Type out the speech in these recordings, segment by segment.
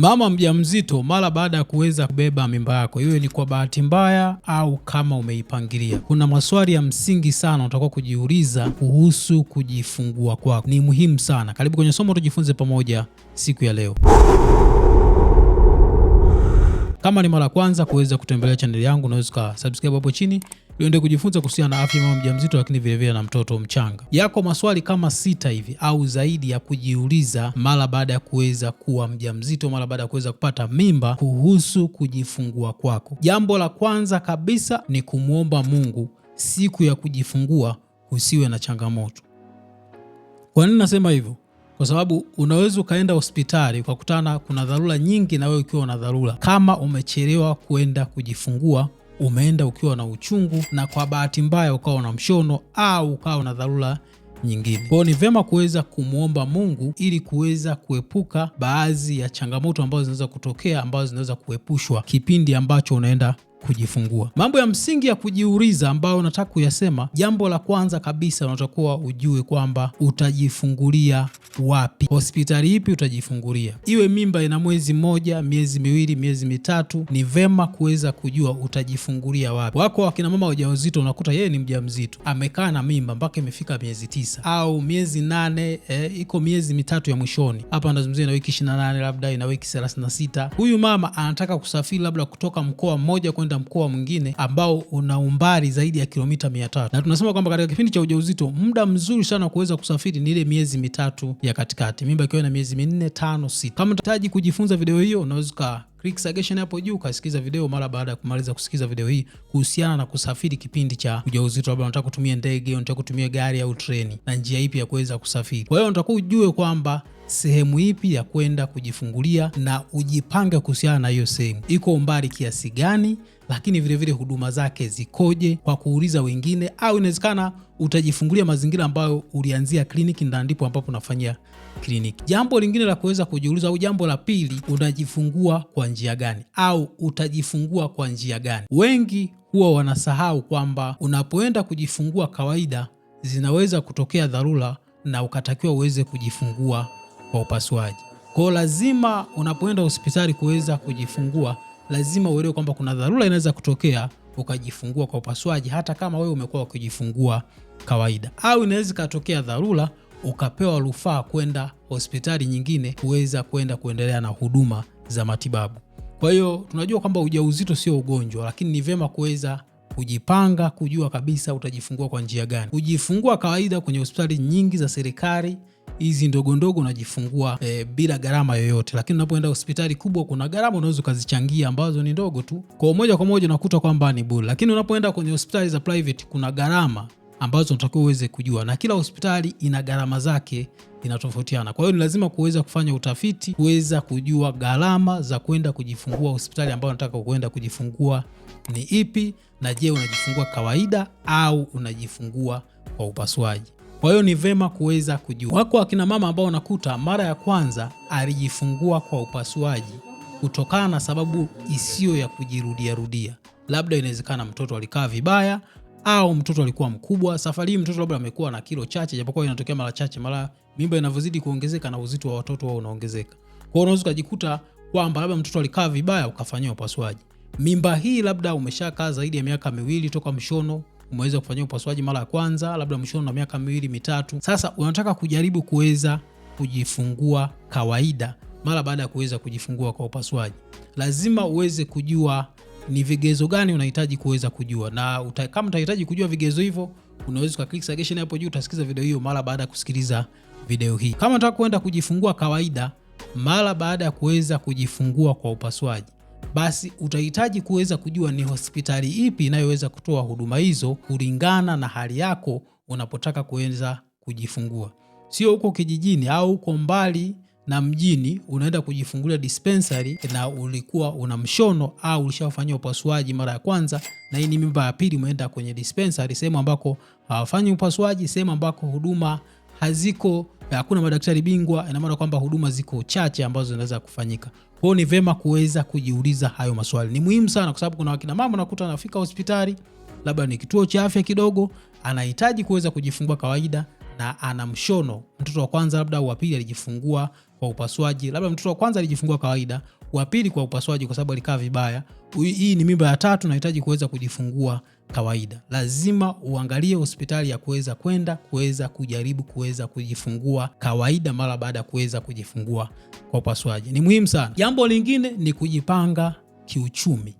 Mama mjamzito, mara baada ya kuweza kubeba mimba yako, iwe ni kwa bahati mbaya au kama umeipangilia, kuna maswali ya msingi sana utakuwa kujiuliza kuhusu kujifungua kwako. Ni muhimu sana. Karibu kwenye somo tujifunze pamoja siku ya leo. Kama ni mara ya kwanza kuweza kutembelea chaneli yangu, unaweza ukasubscribe hapo chini uende kujifunza kuhusiana na afya mama mjamzito, lakini vilevile na mtoto mchanga. Yako maswali kama sita hivi au zaidi ya kujiuliza mara baada ya kuweza kuwa mjamzito, mara baada ya kuweza kupata mimba, kuhusu kujifungua kwako. Jambo la kwanza kabisa ni kumwomba Mungu siku ya kujifungua usiwe na changamoto. Kwa nini nasema hivyo? Kwa sababu unaweza ukaenda hospitali ukakutana kuna dharura nyingi, na wewe ukiwa na dharura, kama umechelewa kwenda kujifungua umeenda ukiwa na uchungu na kwa bahati mbaya ukawa na mshono au ukawa na dharura nyingine. Kwao ni vyema kuweza kumwomba Mungu ili kuweza kuepuka baadhi ya changamoto ambazo zinaweza kutokea ambazo zinaweza kuepushwa kipindi ambacho unaenda kujifungua. Mambo ya msingi ya kujiuliza ambayo unataka kuyasema, jambo la kwanza kabisa unatakuwa ujue kwamba utajifungulia wapi, hospitali ipi utajifungulia. Iwe mimba ina mwezi mmoja, miezi miwili, miezi mitatu, ni vema kuweza kujua utajifungulia wapi. Wako wakina mama wajawazito, unakuta yeye ni mjamzito, amekaa na mimba mpaka imefika miezi tisa au miezi nane, eh, iko miezi mitatu ya mwishoni hapa, nazungumzia na wiki 28 labda ina wiki 36. Huyu mama anataka kusafiri labda kutoka mkoa mmoja kwenda kwenda mkoa mwingine ambao una umbali zaidi ya kilomita mia tatu na tunasema kwamba katika kipindi cha ujauzito muda mzuri sana wa kuweza kusafiri ni ile miezi mitatu ya katikati, mimba ikiwa na miezi minne, tano, sita. Kama unahitaji kujifunza video hiyo, unaweza ka hapo juu ukasikiza video mara baada ya kumaliza kusikiza video hii kuhusiana na kusafiri kipindi cha ujauzito, labda unataka kutumia ndege, unataka kutumia gari au treni, na njia ipi ya kuweza kusafiri. Kwa hiyo unataka ujue kwamba sehemu ipi ya kwenda kujifungulia na ujipange kuhusiana na hiyo sehemu, iko umbali kiasi gani, lakini vilevile vile huduma zake zikoje, kwa kuuliza wengine, au inawezekana utajifungulia mazingira ambayo ulianzia kliniki na ndipo ambapo unafanyia kliniki. Jambo lingine la kuweza kujiuliza, au jambo la pili, unajifungua kwa njia gani au utajifungua kwa njia gani? Wengi huwa wanasahau kwamba unapoenda kujifungua kawaida, zinaweza kutokea dharura na ukatakiwa uweze kujifungua kwa upasuaji. Kwa lazima unapoenda hospitali kuweza kujifungua, lazima uelewe kwamba kuna dharura inaweza kutokea ukajifungua kwa upasuaji, hata kama wewe umekuwa ukijifungua kawaida, au inaweza ikatokea dharura ukapewa rufaa kwenda hospitali nyingine kuweza kwenda kuendelea na huduma za matibabu. Kwa hiyo tunajua kwamba ujauzito sio ugonjwa, lakini ni vyema kuweza kujipanga, kujua kabisa utajifungua kwa njia gani. Kujifungua kawaida kwenye hospitali nyingi za serikali hizi ndogo ndogo unajifungua e, bila gharama yoyote, lakini unapoenda hospitali kubwa kuna gharama unaweza ukazichangia ambazo ni ndogo tu, kwa moja kwa moja unakuta kwamba ni bure. Lakini unapoenda kwenye hospitali za private kuna gharama ambazo unatakiwa uweze kujua, na kila hospitali ina gharama zake inatofautiana. Kwa hiyo ni lazima kuweza kufanya utafiti, kuweza kujua gharama za kwenda kujifungua hospitali ambayo unataka kwenda kujifungua ni ipi, na je, unajifungua kawaida au unajifungua kwa upasuaji. Kwa hiyo ni vema kuweza kujua. Wako akina mama ambao unakuta mara ya kwanza alijifungua kwa upasuaji kutokana na sababu isiyo ya kujirudiarudia, labda inawezekana mtoto alikaa vibaya au mtoto alikuwa mkubwa. Safari hii mtoto labda amekuwa na kilo chache, japokuwa inatokea mara chache. Mara mimba inavyozidi kuongezeka na uzito wa watoto wao unaongezeka, kwa hiyo unaweza ukajikuta kwamba labda mtoto alikaa vibaya ukafanyia upasuaji. Mimba hii labda umeshakaa zaidi ya miaka miwili toka mshono umeweza kufanyia upasuaji mara ya kwanza, labda mwishoni na miaka miwili mitatu, sasa unataka kujaribu kuweza kujifungua kawaida mara baada ya kuweza kujifungua kwa upasuaji, lazima uweze kujua ni vigezo gani unahitaji kuweza kujua, na uta, kama utahitaji kujua vigezo hivyo, unaweza kwa click suggestion hapo juu, utasikiza video hiyo mara baada ya kusikiliza video hii. Kama unataka kwenda kujifungua kawaida mara baada ya kuweza kujifungua kwa upasuaji basi utahitaji kuweza kujua ni hospitali ipi inayoweza kutoa huduma hizo kulingana na hali yako unapotaka kuweza kujifungua. Sio huko kijijini au uko mbali na mjini unaenda kujifungulia dispensary na ulikuwa una mshono au ulishafanyia upasuaji mara ya kwanza, na hii ni mimba ya pili, umeenda kwenye dispensary, sehemu ambako hawafanyi upasuaji, sehemu ambako huduma haziko, hakuna madaktari bingwa. Ina maana kwamba huduma ziko chache ambazo zinaweza kufanyika. Kwa hiyo ni vema kuweza kujiuliza hayo maswali, ni muhimu sana, kwa sababu kuna wakina mama nakuta anafika hospitali labda ni kituo cha afya kidogo, anahitaji kuweza kujifungua kawaida na ana mshono, mtoto wa kwanza labda wa pili alijifungua kwa upasuaji, labda mtoto wa kwanza alijifungua kawaida, wa pili kwa upasuaji, kwa sababu alikaa vibaya hii ni mimba ya tatu, nahitaji kuweza kujifungua kawaida, lazima uangalie hospitali ya kuweza kwenda kuweza kujaribu kuweza kujifungua kawaida mara baada ya kuweza kujifungua kwa upasuaji. Ni muhimu sana. Jambo lingine ni kujipanga kiuchumi.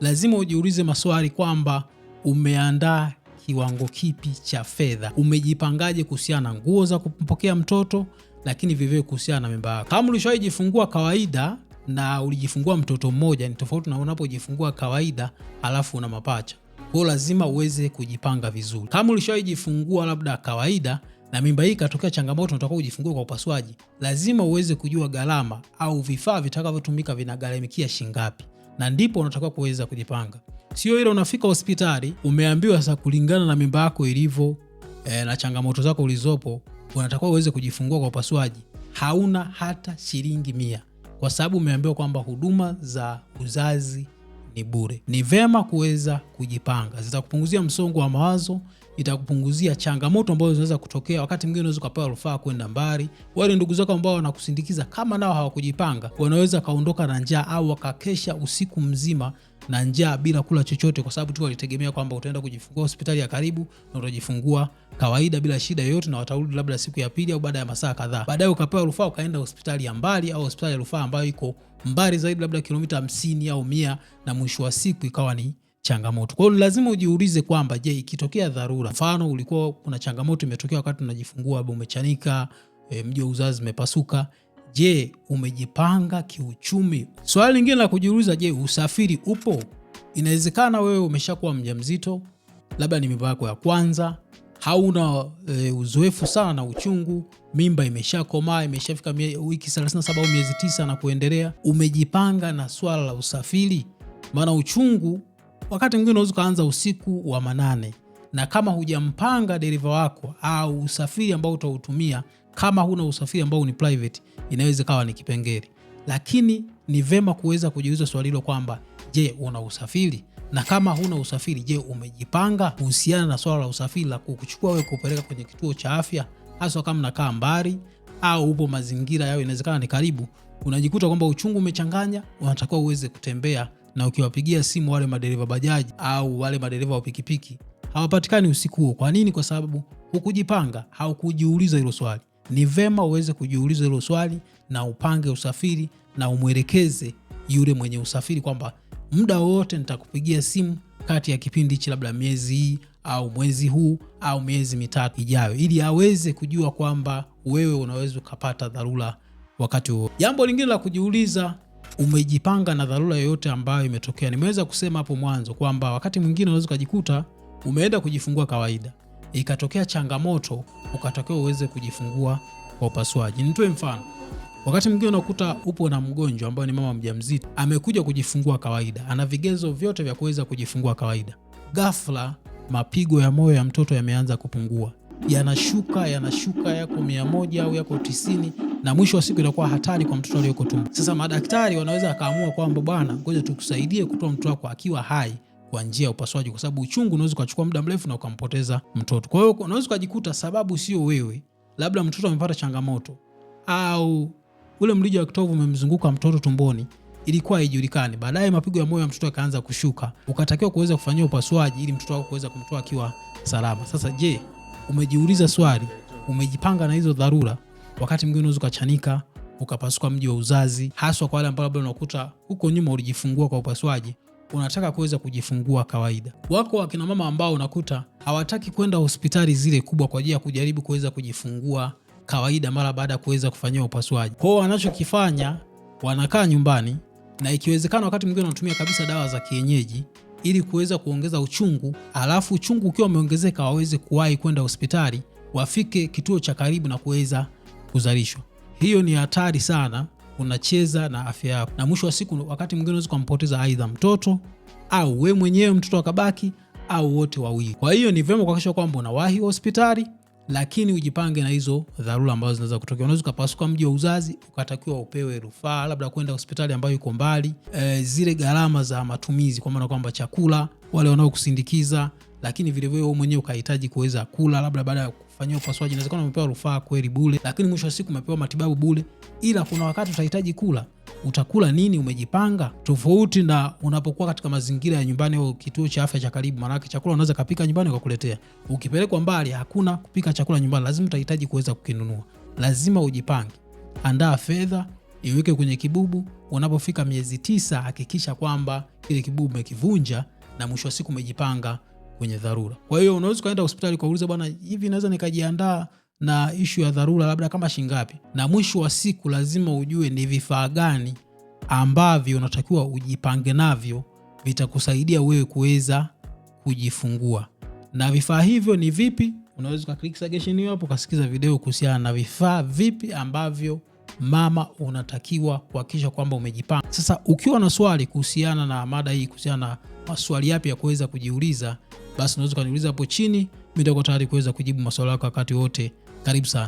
Lazima ujiulize maswali kwamba umeandaa kiwango kipi cha fedha, umejipangaje kuhusiana na nguo za kumpokea mtoto, lakini vivyo kuhusiana na mimba yako. Kama ulishawahi jifungua kawaida na ulijifungua mtoto mmoja, ni tofauti na unapojifungua kawaida alafu una mapacha. Kwa lazima uweze kujipanga vizuri. Kama ulishajifungua labda kawaida na mimba hii ikatokea changamoto, unataka kujifungua kwa upasuaji, lazima uweze kujua gharama au vifaa vitakavyotumika vinagharamikia shingapi, na ndipo unatakiwa kuweza kujipanga. Sio ile unafika hospitali umeambiwa sasa, kulingana na mimba yako ilivyo e, na changamoto zako ulizopo, unatakiwa uweze kujifungua kwa upasuaji, hauna hata shilingi mia kwa sababu umeambiwa kwamba huduma za uzazi ni bure. Ni vema kuweza kujipanga, zitakupunguzia msongo wa mawazo, itakupunguzia changamoto ambazo zinaweza kutokea. Wakati mwingine unaweza ukapewa rufaa kwenda mbali. Wale ndugu zako ambao wanakusindikiza, kama nao hawakujipanga, wanaweza wakaondoka na njaa au wakakesha usiku mzima na njaa bila kula chochote, kwa sababu tu walitegemea kwamba utaenda kujifungua hospitali ya karibu na utajifungua kawaida bila shida yoyote, na watarudi labda siku ya pili au baada ya masaa kadhaa baadaye. Ukapewa rufaa ukaenda hospitali ya mbali au hospitali ya rufaa ambayo iko mbali zaidi, labda kilomita hamsini au mia, na mwisho wa siku ikawa ni changamoto. Kwa hiyo lazima ujiulize kwamba je, ikitokea dharura, mfano ulikuwa kuna changamoto imetokea wakati unajifungua, umechanika, eh, mji wa uzazi umepasuka Je, umejipanga kiuchumi? Swali lingine la kujiuliza, je, usafiri upo? Inawezekana wewe umeshakuwa mjamzito, labda ni mimba yako ya kwanza, hauna e, uzoefu sana na uchungu, mimba imeshakomaa, imeshafika wiki 37 au miezi tisa na kuendelea. Umejipanga na swala la usafiri? Maana uchungu wakati mwingine unaweza ukaanza usiku wa manane na kama hujampanga dereva wako au usafiri ambao utautumia, kama huna usafiri ambao ni private, inaweza kawa ni kipengele. Lakini ni vema kuweza kujiuliza swali hilo kwamba je, una usafiri? Na kama huna usafiri, je, umejipanga kuhusiana na swala la usafiri la kukuchukua wewe kupeleka kwenye kituo cha afya, hasa kama nakaa mbali au upo mazingira yao inawezekana ni karibu, unajikuta kwamba uchungu umechanganya, unatakiwa uweze kutembea na ukiwapigia simu wale madereva bajaji au wale madereva wa pikipiki hawapatikani usiku huo. Kwa nini? Kwa sababu hukujipanga, haukujiuliza hilo swali. Ni vema uweze kujiuliza hilo swali na upange usafiri na umwelekeze yule mwenye usafiri kwamba muda wowote nitakupigia simu kati ya kipindi hichi, labda miezi hii au mwezi huu au miezi mitatu ijayo, ili aweze kujua kwamba wewe unaweza ukapata dharura wakati huo. Jambo lingine la kujiuliza, umejipanga na dharura yoyote ambayo imetokea? Nimeweza kusema hapo mwanzo kwamba wakati mwingine unaweza ukajikuta umeenda kujifungua kawaida, ikatokea changamoto, ukatokea uweze kujifungua kwa upasuaji. Nitoe mfano, wakati mwingine unakuta upo na mgonjwa ambaye ni mama mjamzito, amekuja kujifungua kawaida, ana vigezo vyote vya kuweza kujifungua kawaida. Ghafla mapigo ya moyo ya mtoto yameanza kupungua, yanashuka yanashuka, yako mia moja au yako tisini na mwisho wa siku inakuwa hatari kwa mtoto aliyoko tumbo. Sasa madaktari wanaweza akaamua kwamba bwana, ngoja tukusaidie kutoa mtoto wako akiwa hai, kwa njia ya upasuaji, kwa sababu uchungu unaweza ukachukua muda mrefu na ukampoteza mtoto. Kwa hiyo unaweza ukajikuta sababu sio wewe, labda mtoto amepata changamoto au ule mrija wa kitovu umemzunguka mtoto tumboni, ilikuwa haijulikani. Baadaye mapigo ya moyo ya mtoto yakaanza kushuka, ukatakiwa kuweza kufanyia upasuaji ili mtoto wako kuweza kumtoa akiwa salama. Sasa je, umejiuliza swali, umejipanga na hizo dharura? Wakati mwingine unaweza ukachanika ukapasuka mji wa uzazi, haswa kwa wale ambao labda unakuta huko nyuma ulijifungua kwa upasuaji, unataka kuweza kujifungua kawaida. Wako wakina mama ambao unakuta hawataki kwenda hospitali zile kubwa kwa ajili ya kujaribu kuweza kujifungua kawaida mara baada ya kuweza kufanyiwa upasuaji. Kwao wanachokifanya wanakaa nyumbani, na ikiwezekana wakati mwingine wanatumia kabisa dawa za kienyeji ili kuweza kuongeza uchungu, alafu uchungu ukiwa umeongezeka waweze kuwahi kwenda hospitali, wafike kituo cha karibu na kuweza kuzalishwa. Hiyo ni hatari sana unacheza na afya yako, na mwisho wa siku wakati mwingine unaweza kumpoteza aidha mtoto au we mwenyewe mtoto akabaki au wote wawili. Kwa hiyo ni vyema kuhakikisha kwamba unawahi hospitali, lakini ujipange na hizo dharura ambazo zinaweza kutokea. Unaweza ukapasuka mji wa uzazi ukatakiwa upewe rufaa, labda kwenda hospitali ambayo iko mbali. E, zile gharama za matumizi, kwa maana kwamba chakula, wale wanaokusindikiza, lakini vilevile wewe mwenyewe ukahitaji kuweza kula labda baada ya kufanyia upasuaji. Inawezekana umepewa rufaa kweli bule, lakini mwisho wa siku umepewa matibabu bule, ila kuna wakati utahitaji kula. Utakula nini? Umejipanga tofauti na unapokuwa katika mazingira ya nyumbani au kituo cha afya cha karibu. Maanake chakula unaweza kapika nyumbani ukakuletea, ukipelekwa mbali hakuna kupika chakula nyumbani, lazima utahitaji kuweza kukinunua. Lazima ujipange, andaa fedha iweke kwenye kibubu. Unapofika miezi tisa, hakikisha kwamba kile kibubu umekivunja, na mwisho wa siku umejipanga kwenye dharura. Kwa hiyo unaweza ukaenda hospitali ukauliza, bwana, hivi naweza nikajiandaa na ishu ya dharura labda kama shingapi? Na mwisho wa siku lazima ujue ni vifaa gani ambavyo unatakiwa ujipange navyo vitakusaidia wewe kuweza kujifungua. Na vifaa hivyo ni vipi? Unaweza ukaklik suggestion hiyo hapo ukasikiza video kuhusiana na vifaa vipi ambavyo mama unatakiwa kuhakikisha kwamba umejipanga. Sasa ukiwa na swali kuhusiana na mada hii, kuhusiana na maswali yapi ya kuweza kujiuliza basi unaweza ukaniuliza hapo chini, mimi nitakuwa tayari kuweza kujibu maswali yako wakati wote. Karibu sana.